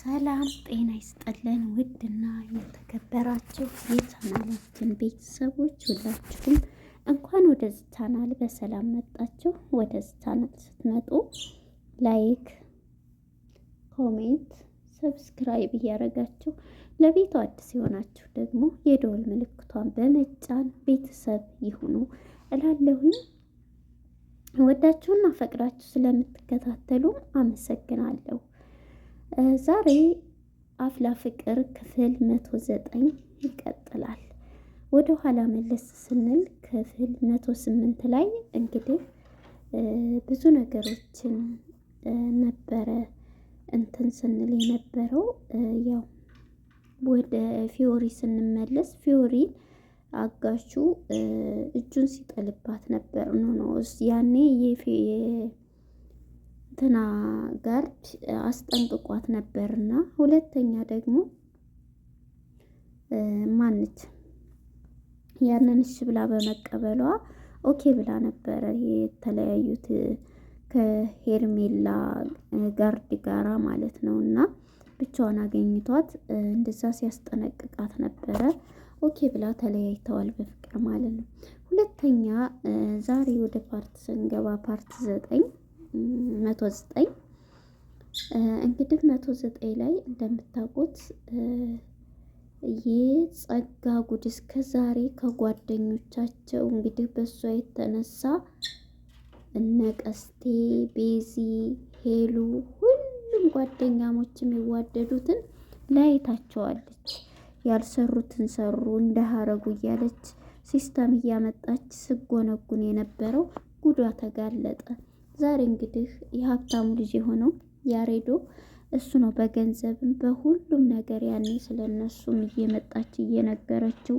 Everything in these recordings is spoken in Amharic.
ሰላም ጤና ይስጥልን። ውድና የተከበራችሁ የቻናላችን ቤተሰቦች ሁላችሁም እንኳን ወደዚህ ቻናል በሰላም መጣችሁ። ወደዚህ ቻናል ስትመጡ ላይክ፣ ኮሜንት፣ ሰብስክራይብ እያደረጋችሁ ለቤቱ አዲስ የሆናችሁ ደግሞ የደወል ምልክቷን በመጫን ቤተሰብ ይሁኑ እላለሁኝ። ወዳችሁና ፈቅዳችሁ ስለምትከታተሉ አመሰግናለሁ። ዛሬ አፍላ ፍቅር ክፍል መቶ ዘጠኝ ይቀጥላል። ወደ ኋላ መለስ ስንል ክፍል መቶ ስምንት ላይ እንግዲህ ብዙ ነገሮችን ነበረ እንትን ስንል የነበረው ያው ወደ ፊዮሪ ስንመለስ ፊዮሪ አጋቹ እጁን ሲጠልባት ነበር። ኖ ነው ያኔ እንትና ጋርድ አስጠንቅቋት ነበርና፣ ሁለተኛ ደግሞ ማነች ያንን እሺ ብላ በመቀበሏ ኦኬ ብላ ነበረ የተለያዩት ከሄርሜላ ጋርድ ጋራ ማለት ነው። እና ብቻዋን አገኝቷት እንደዛ ሲያስጠነቅቃት ነበረ። ኦኬ ብላ ተለያይተዋል በፍቅር ማለት ነው። ሁለተኛ ዛሬ ወደ ፓርት ስንገባ ፓርት ዘጠኝ መቶ ዘጠኝ እንግዲህ መቶ ዘጠኝ ላይ እንደምታውቁት የጸጋ ጉድ እስከ ዛሬ ከጓደኞቻቸው እንግዲህ በእሷ የተነሳ እነ ቀስቴ፣ ቤዚ፣ ሄሉ ሁሉም ጓደኛሞች የሚዋደዱትን ለያይታቸዋለች። ያልሰሩትን ሰሩ እንዳረጉ እያለች ሲስተም እያመጣች ስጎነጉን የነበረው ጉዷ ተጋለጠ። ዛሬ እንግዲህ የሀብታሙ ልጅ የሆነው ያሬዶ እሱ ነው። በገንዘብም በሁሉም ነገር ያኔ ስለ እየመጣች እየነገረችው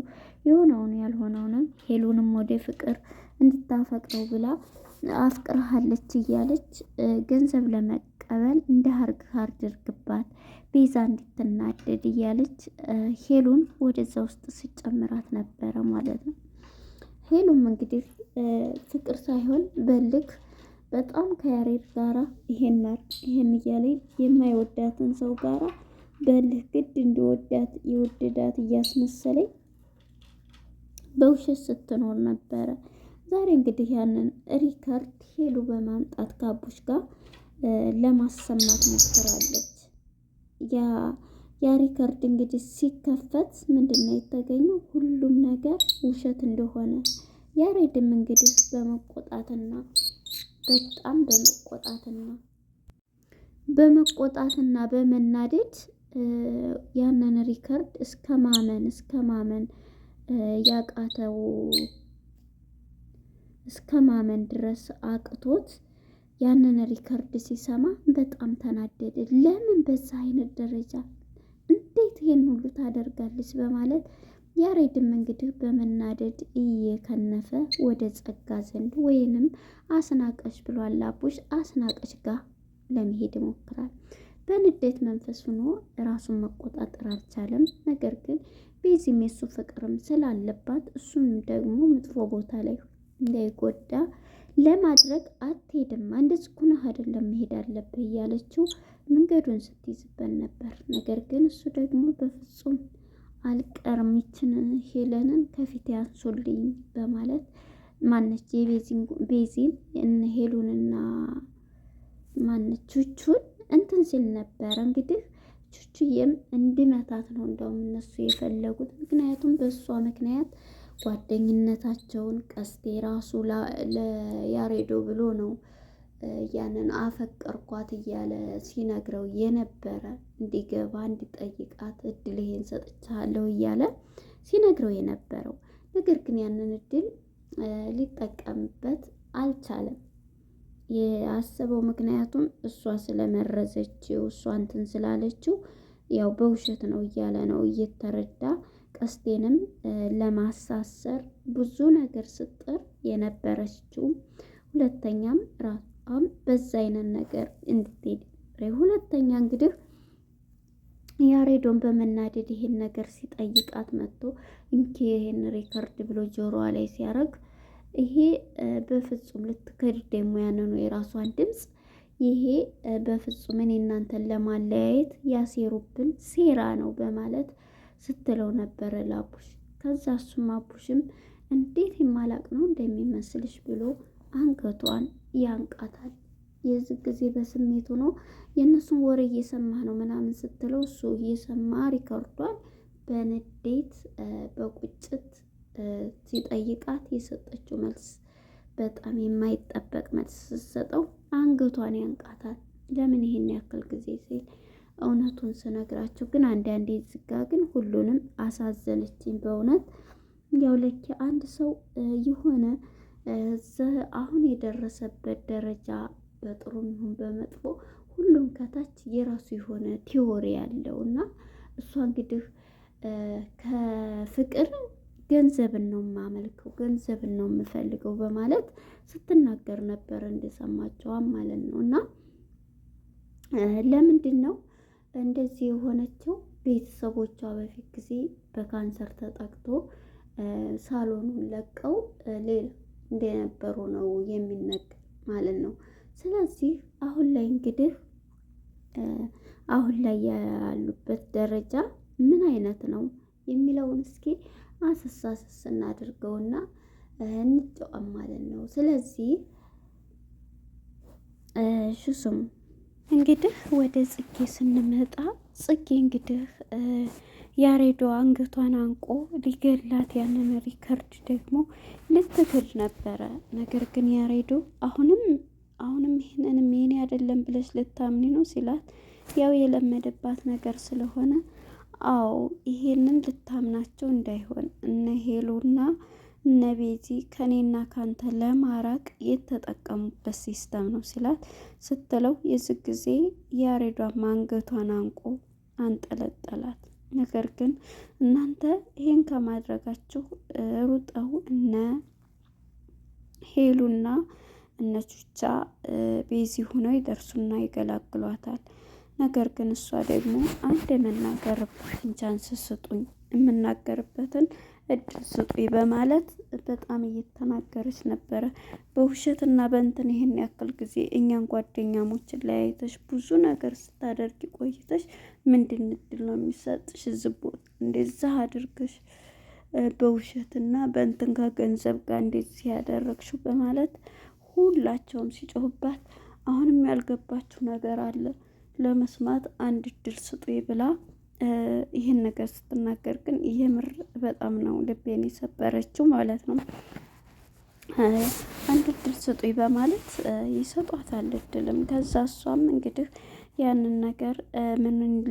የሆነውን ያልሆነውንም ሄሉንም ወደ ፍቅር እንድታፈቅረው ብላ አፍቅርሃለች እያለች ገንዘብ ለመቀበል እንደ ሀርግ አድርግባት ቤዛ እንድትናደድ እያለች ሄሉን ወደዛ ውስጥ ስጨምራት ነበረ ማለት ነው። ሄሉም እንግዲህ ፍቅር ሳይሆን በልክ በጣም ከያሬድ ጋራ ይሄን ናርድ ይሄን እያለኝ የማይወዳትን ሰው ጋራ በልህ ግድ እንዲወዳት የወደዳት እያስመሰለኝ በውሸት ስትኖር ነበረ። ዛሬ እንግዲህ ያንን ሪከርድ ሄሉ በማምጣት ከአቡሽ ጋር ለማሰማት ሞክራለች። ያ ሪከርድ እንግዲህ ሲከፈት ምንድን ነው የተገኘው? ሁሉም ነገር ውሸት እንደሆነ ያሬድም እንግዲህ በመቆጣትና በጣም በመቆጣትና በመቆጣትና በመናደድ ያንን ሪከርድ እስከ ማመን እስከ ማመን ያቃተው እስከ ማመን ድረስ አቅቶት ያንን ሪከርድ ሲሰማ በጣም ተናደደ። ለምን በዛ አይነት ደረጃ እንዴት ይሄን ሁሉ ታደርጋለች በማለት ያሬድም እንግዲህ በመናደድ እየከነፈ ወደ ጸጋ ዘንድ ወይንም አስናቀች ብሏል አቡሽ አስናቀች ጋር ለመሄድ ይሞክራል። በንዴት መንፈስ ሆኖ ራሱን መቆጣጠር አልቻለም። ነገር ግን ቤዚም የሱ ፍቅርም ስላለባት እሱም ደግሞ መጥፎ ቦታ ላይ እንዳይጎዳ ለማድረግ አትሄድም፣ አንድ ኩነ አይደለም መሄድ አለብህ እያለችው መንገዱን ስትይዝበት ነበር። ነገር ግን እሱ ደግሞ በፍጹም አልቀርም ይችን ሄለንን ከፊት ያንሱልኝ በማለት ማነች የቤዚን እነ ሄሉንና ማነች ቹቹን እንትን ሲል ነበር። እንግዲህ ቹቹዬም እንዲመታት ነው እንደውም እነሱ የፈለጉት። ምክንያቱም በእሷ ምክንያት ጓደኝነታቸውን ቀስቴ ራሱ ለያሬዶ ብሎ ነው ያንን አፈቀርኳት እያለ ሲነግረው የነበረ እንዲገባ እንዲጠይቃት እድል ይሄን ሰጥቻለሁ እያለ ሲነግረው የነበረው ነገር ግን ያንን እድል ሊጠቀምበት አልቻለም። የአሰበው ምክንያቱም እሷ ስለመረዘችው እሷ እንትን ስላለችው ያው በውሸት ነው እያለ ነው እየተረዳ ቀስቴንም ለማሳሰር ብዙ ነገር ስጥር የነበረችው ሁለተኛም ራሱ በጣም በዛ አይነት ነገር እንድትሄድ ሁለተኛ እንግዲህ ያሬዶን በመናደድ ይሄን ነገር ሲጠይቃት መጥቶ እንኪ ይሄን ሪከርድ ብሎ ጆሮዋ ላይ ሲያደርግ ይሄ በፍጹም ልትከድ ደግሞ ያንኑ የራሷን ድምፅ ይሄ በፍጹም እኔ እናንተን ለማለያየት ያሴሩብን ሴራ ነው በማለት ስትለው ነበረ ላቡሽ። ከዛ እሱም አቡሽም እንዴት የማላቅ ነው እንደሚመስልሽ ብሎ አንገቷን ያንቃታል። የዚህ ጊዜ በስሜት ሆኖ የእነሱን ወሬ እየሰማ ነው ምናምን ስትለው እሱ እየሰማ ሪከርዷል። በንዴት በቁጭት ሲጠይቃት የሰጠችው መልስ በጣም የማይጠበቅ መልስ ስትሰጠው አንገቷን ያንቃታል። ለምን ይሄን ያክል ጊዜ ሲል እውነቱን ስነግራቸው ግን አንዳንዴ ዝጋ ግን ሁሉንም አሳዘነችኝ። በእውነት ያው ለኪ አንድ ሰው የሆነ አሁን የደረሰበት ደረጃ በጥሩም ይሁን በመጥፎ ሁሉም ከታች የራሱ የሆነ ቲዎሪ ያለው እና እሷ እንግዲህ ከፍቅር ገንዘብን ነው የማመልከው፣ ገንዘብን ነው የምፈልገው በማለት ስትናገር ነበር እንደሰማቸዋ ማለት ነው። እና ለምንድን ነው እንደዚህ የሆነችው? ቤተሰቦቿ በፊት ጊዜ በካንሰር ተጠቅቶ ሳሎኑን ለቀው ሌላ እንደነበሩ ነው የሚነገር ማለት ነው። ስለዚህ አሁን ላይ እንግዲህ አሁን ላይ ያሉበት ደረጃ ምን አይነት ነው የሚለውን እስኪ አስሳስስ አስስ እናድርገውና እንጫወት ማለት ነው። ስለዚህ እሺ እንግዲህ ወደ ጽጌ ስንመጣ ጽጌ እንግዲህ ያሬዶ አንገቷን አንቆ ሊገላት ያንን ሪከርድ ደግሞ ልትክድ ነበረ። ነገር ግን ያሬዶ አሁንም አሁንም ይህንንም ይሄኔ አይደለም ብለሽ ልታምኒ ነው ሲላት ያው የለመደባት ነገር ስለሆነ አዎ ይሄንን ልታምናቸው እንዳይሆን እነ ሄሉና እነ ቤዚ ከኔና ካንተ ለማራቅ የተጠቀሙበት ሲስተም ነው ሲላት ስትለው የዚህ ጊዜ ያሬዷ አንገቷን አንቆ አንጠለጠላት። ነገር ግን እናንተ ይሄን ከማድረጋችሁ ሩጠው እነ ሄሉና እነ ቹቻ ቤዚ ሆነው ይደርሱና ይገላግሏታል። ነገር ግን እሷ ደግሞ አንድ የመናገር ቻንስ ስጡኝ የምናገርበትን እድል ስጡኝ በማለት በጣም እየተናገረች ነበረ። በውሸት እና በእንትን ይሄን ያክል ጊዜ እኛን ጓደኛሞችን ለያይተሽ ብዙ ነገር ስታደርግ ቆይተሽ ምንድን እድል ነው የሚሰጥሽ? ዝቦት እንደዛ አድርገሽ በውሸት እና በእንትን ከገንዘብ ጋር እንደዚህ ያደረግሽው በማለት ሁላቸውም ሲጮሁባት፣ አሁንም ያልገባችሁ ነገር አለ ለመስማት አንድ እድል ስጡኝ ብላ ይህን ነገር ስትናገር ግን የምር በጣም ነው ልቤን የሰበረችው ማለት ነው። አንድ እድል ስጡኝ በማለት ይሰጧታል እድልም። ከዛ እሷም እንግዲህ ያንን ነገር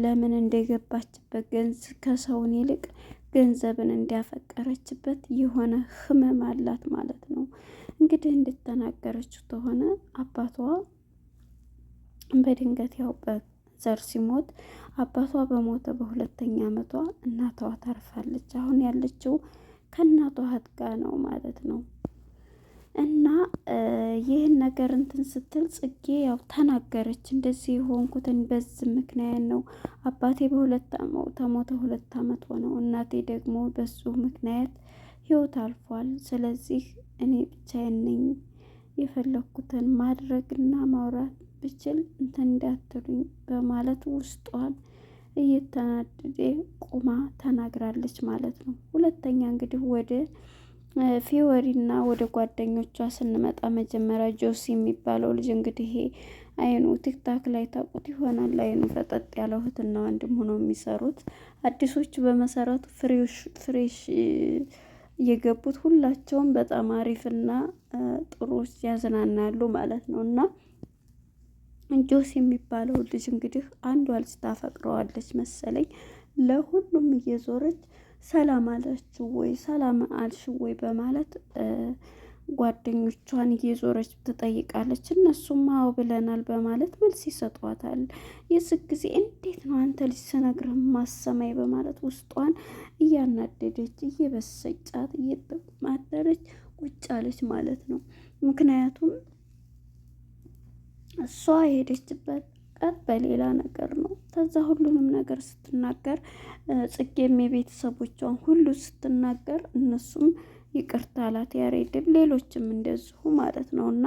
ለምን እንደገባችበት ገንዝ ከሰውን ይልቅ ገንዘብን እንዲያፈቀረችበት የሆነ ህመም አላት ማለት ነው። እንግዲህ እንደተናገረችው ከሆነ አባቷ በድንገት ያውበት ዘር ሲሞት አባቷ በሞተ በሁለተኛ ዓመቷ እናቷ ታርፋለች። አሁን ያለችው ከእናቷ እህት ነው ማለት ነው። እና ይህን ነገር እንትን ስትል ጽጌ ያው ተናገረች። እንደዚህ የሆንኩትን በዝ ምክንያት ነው። አባቴ በሁለት ተሞተ ሁለት ዓመት ሆነው፣ እናቴ ደግሞ በሱ ምክንያት ህይወት አልፏል። ስለዚህ እኔ ብቻዬን ነኝ የፈለግኩትን ማድረግና ማውራት ብችል እንትን እንዳትሉኝ በማለት ውስጧን እየተናደደ ቁማ ተናግራለች ማለት ነው። ሁለተኛ እንግዲህ ወደ ፌወሪና ወደ ጓደኞቿ ስንመጣ መጀመሪያ ጆሲ የሚባለው ልጅ እንግዲህ አይኑ ቲክታክ ላይ ታውቁት ይሆናል። አይኑ ፈጠጥ ያለ እህትና ወንድም ሆኖ የሚሰሩት አዲሶቹ በመሰረቱ ፍሬሽ የገቡት ሁላቸውም በጣም አሪፍና ጥሩ ያዝናናሉ ማለት ነው እና ጆስ የሚባለው ልጅ እንግዲህ አንዷ ልጅ ታፈቅረዋለች መሰለኝ። ለሁሉም እየዞረች ሰላም አላችሁ ወይ ሰላም አልሽ ወይ በማለት ጓደኞቿን እየዞረች ትጠይቃለች። እነሱም አዎ ብለናል በማለት መልስ ይሰጧታል። የስግ ጊዜ እንዴት ነው አንተ ልጅ ስነግርህ ማሰማይ በማለት ውስጧን እያናደደች እየበሰጫት እየተማደረች ቁጭ አለች ማለት ነው ምክንያቱም እሷ የሄደችበት ቀን በሌላ ነገር ነው። ከዛ ሁሉንም ነገር ስትናገር ጽጌም የቤተሰቦቿን ሁሉ ስትናገር እነሱም ይቅርታ አላት ያሬድም፣ ሌሎችም እንደዚሁ ማለት ነው። እና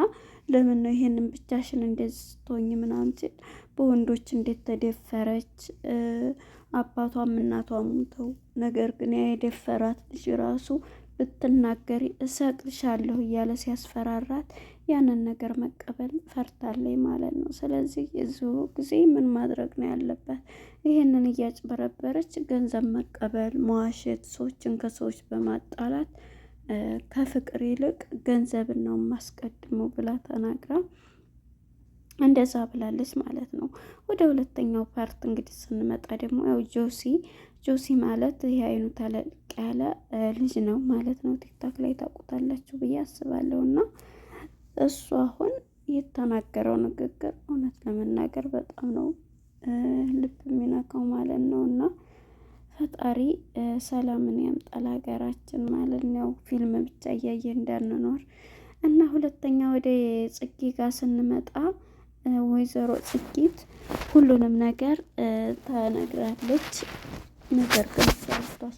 ለምን ነው ይሄንን ብቻሽን እንደዚህ ስትሆኝ ምናምን ሲል በወንዶች እንዴት ተደፈረች? አባቷም እናቷ ሙተው፣ ነገር ግን የደፈራት ልጅ ራሱ ብትናገሪ እሰቅልሻለሁ እያለ ሲያስፈራራት ያንን ነገር መቀበል ፈርታለች ማለት ነው። ስለዚህ እዚሁ ጊዜ ምን ማድረግ ነው ያለባት? ይህንን እያጭበረበረች ገንዘብ መቀበል፣ መዋሸት፣ ሰዎችን ከሰዎች በማጣላት ከፍቅር ይልቅ ገንዘብን ነው የማስቀድመው ብላ ተናግራ እንደዛ ብላለች ማለት ነው። ወደ ሁለተኛው ፓርት እንግዲህ ስንመጣ ደግሞ ያው ጆሲ ጆሲ ማለት ይህ አይኑ ተለቅ ያለ ልጅ ነው ማለት ነው። ቲክታክ ላይ ታውቁታላችሁ ብዬ አስባለሁ እና እሱ አሁን የተናገረው ንግግር እውነት ለመናገር በጣም ነው ልብ የሚነካው ማለት ነው። እና ፈጣሪ ሰላምን ያምጣል ሀገራችን ማለት ነው። ፊልም ብቻ እያየ እንዳንኖር እና ሁለተኛ ወደ ጽጌ ጋር ስንመጣ ወይዘሮ ጽጌት ሁሉንም ነገር ተነግራለች። ነገር ግን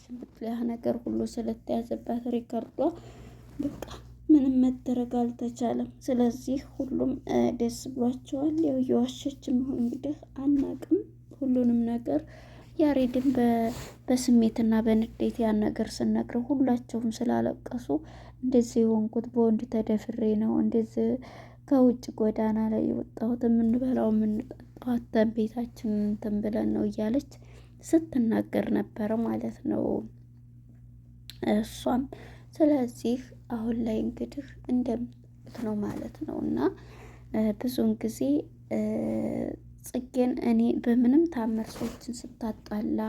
ስልት ያ ነገር ሁሉ ስለተያዘባት ሪከርዷ በቃ ምንም መደረግ አልተቻለም። ስለዚህ ሁሉም ደስ ብሏቸዋል። ያው የዋሸች መሆን እንግዲህ አናቅም ሁሉንም ነገር ያሬድን በስሜትና በንዴት ያን ነገር ስነግረው ሁላቸውም ስላለቀሱ እንደዚህ የሆንኩት በወንድ ተደፍሬ ነው፣ እንደዚህ ከውጭ ጎዳና ላይ የወጣሁት የምንበላው የምንጠጣተን ቤታችን ቤታችንን እንትን ብለን ነው እያለች ስትናገር ነበረ ማለት ነው እሷም ስለዚህ አሁን ላይ እንግዲህ እንደምት ነው ማለት ነው እና ብዙውን ጊዜ ጽጌን እኔ በምንም ታምር ሰዎችን ስታጣላ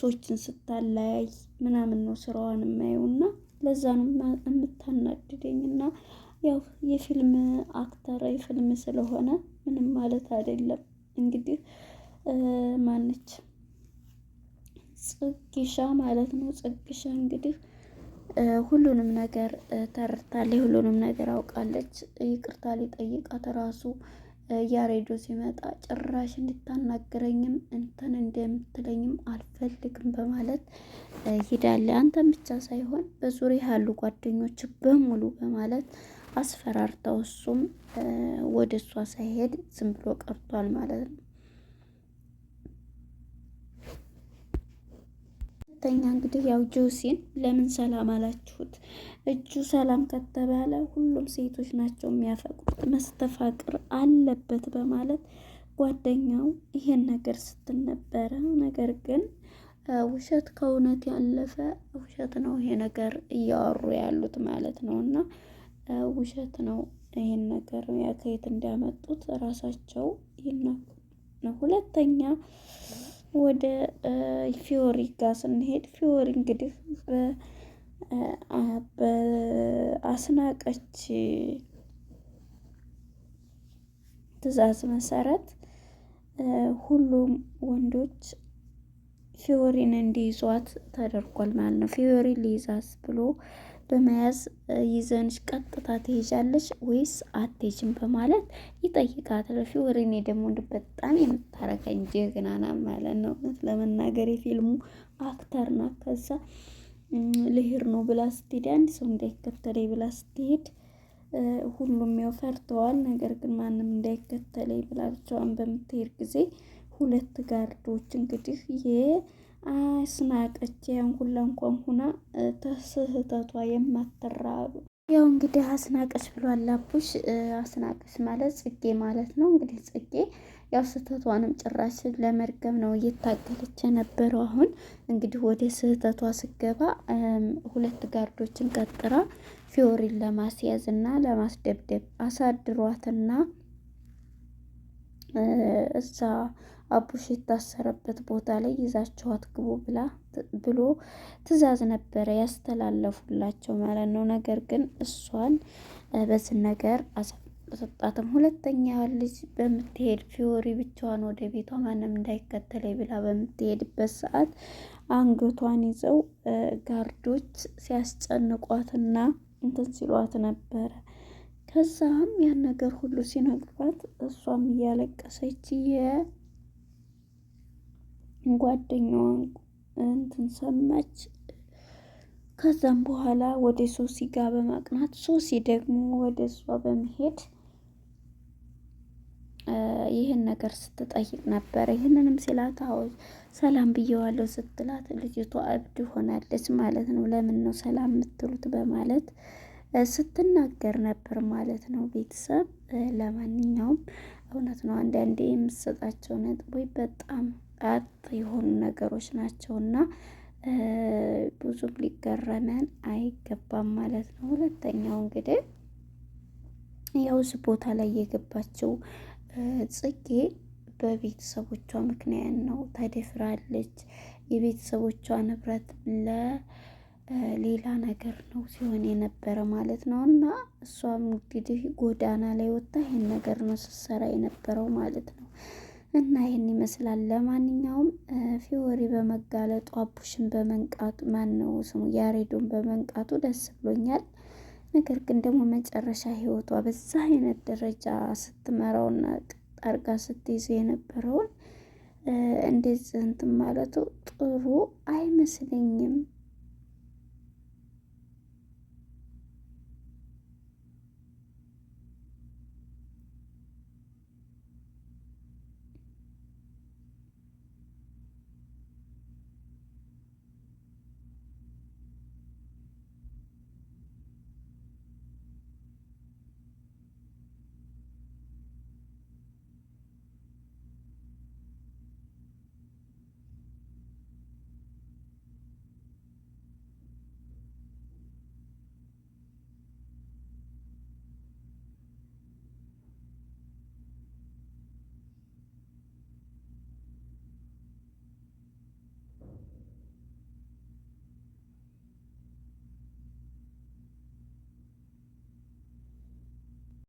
ሰዎችን ስታለያይ ምናምን ነው ስራዋን የማየውና ለዛ ነው የምታናድደኝና ያው የፊልም አክተር የፊልም ስለሆነ ምንም ማለት አይደለም። እንግዲህ ማነች ጽጌሻ ማለት ነው። ጽጌሻ እንግዲህ ሁሉንም ነገር ተረድታለች፣ ሁሉንም ነገር አውቃለች። ይቅርታ ሊጠይቃት ራሱ ያሬዱ ሲመጣ ጭራሽ እንድታናግረኝም እንትን እንደምትለኝም አልፈልግም በማለት ሂዳለ አንተን ብቻ ሳይሆን በዙሪያ ያሉ ጓደኞች በሙሉ በማለት አስፈራርተው እሱም ወደ እሷ ሳይሄድ ዝም ብሎ ቀርቷል ማለት ነው። ሁለተኛ እንግዲህ ያው ጆሲን ለምን ሰላም አላችሁት? እጁ ሰላም ከተባለ ሁሉም ሴቶች ናቸው የሚያፈቁት፣ መስተፋቅር አለበት በማለት ጓደኛው ይሄን ነገር ስትል ነበረ። ነገር ግን ውሸት ከእውነት ያለፈ ውሸት ነው ይሄ ነገር እያወሩ ያሉት ማለት ነው። እና ውሸት ነው ይሄን ነገር ከየት እንዲያመጡት ራሳቸው ይናገሩ ነው። ሁለተኛ ወደ ፊዮሪ ጋ ስንሄድ ፊዮሪ እንግዲህ በአስናቀች ትዕዛዝ መሰረት ሁሉም ወንዶች ፊዮሪን እንዲይዟት ተደርጓል ማለት ነው። ፊዮሪ ሊይዛት ብሎ በመያዝ ይዘንሽ ቀጥታ ትሄጃለሽ ወይስ አትሄጅም በማለት ይጠይቃታል። ፊወር እኔ ደግሞ በጣም የምታረጋኝ ጀግናና ማለት ነው ለመናገር የፊልሙ አክተር ናት። ከዛ ልሄድ ነው ብላ ስትሄድ አንድ ሰው እንዳይከተለኝ ብላ ስትሄድ ሁሉም ያው ፈርተዋል። ነገር ግን ማንም እንዳይከተለኝ ብላ ብቻዋን በምትሄድ ጊዜ ሁለት ጋርዶች እንግዲህ ይሄ አስናቀች። ያን ሁላ እንኳን ሁና ተስህተቷ የማትራብ ያው እንግዲህ አስናቀች ብሏል አቡሽ። አስናቀች ማለት ጽጌ ማለት ነው። እንግዲህ ጽጌ ያው ስህተቷንም ጭራሽ ለመርገም ነው እየታገለች የነበረው። አሁን እንግዲህ ወደ ስህተቷ ስገባ ሁለት ጋርዶችን ቀጥራ ፊዮሪን ለማስያዝ እና ለማስደብደብ አሳድሯትና እዛ አቡሽ የታሰረበት ቦታ ላይ ይዛቸው አትግቡ ብላ ብሎ ትዕዛዝ ነበረ ያስተላለፉላቸው ማለት ነው። ነገር ግን እሷን በዚህ ነገር አሰጣትም። ሁለተኛ ልጅ በምትሄድ ፊዮሪ ብቻዋን ወደ ቤቷ ማንም እንዳይከተለ ብላ በምትሄድበት ሰዓት አንገቷን ይዘው ጋርዶች ሲያስጨንቋትና እንትን ሲሏት ነበረ። ከዛም ያን ነገር ሁሉ ሲነግሯት እሷም እያለቀሰች ጓደኛዋን እንትን ሰማች። ከዛም በኋላ ወደ ሶሲ ጋር በማቅናት ሶሲ ደግሞ ወደ እሷ በመሄድ ይህን ነገር ስትጠይቅ ነበረ። ይህንንም ሲላት አዎ ሰላም ብየዋለሁ ስትላት ልጅቷ እብድ ሆናለች ማለት ነው። ለምን ነው ሰላም የምትሉት በማለት ስትናገር ነበር ማለት ነው። ቤተሰብ ለማንኛውም እውነት ነው። አንዳንዴ የምትሰጣቸው ነጥቦች በጣም ቀጥ የሆኑ ነገሮች ናቸው እና ብዙም ሊገረመን አይገባም ማለት ነው። ሁለተኛው እንግዲህ የውስ ቦታ ላይ የገባችው ጽጌ በቤተሰቦቿ ምክንያት ነው። ተደፍራለች። የቤተሰቦቿ ንብረት ለሌላ ነገር ነው ሲሆን የነበረ ማለት ነው እና እሷም እንግዲህ ጎዳና ላይ ወጥታ ይህን ነገር ነው ስትሰራ የነበረው ማለት ነው። እና ይህን ይመስላል። ለማንኛውም ፊዮሪ በመጋለጡ አቡሽን በመንቃቱ ማን ነው ስሙ ያሬዶን በመንቃቱ ደስ ብሎኛል። ነገር ግን ደግሞ መጨረሻ ህይወቷ በዛ አይነት ደረጃ ስትመራውና ጣርጋ ስትይዙ የነበረውን እንዴት ዘንት ማለቱ ጥሩ አይመስለኝም።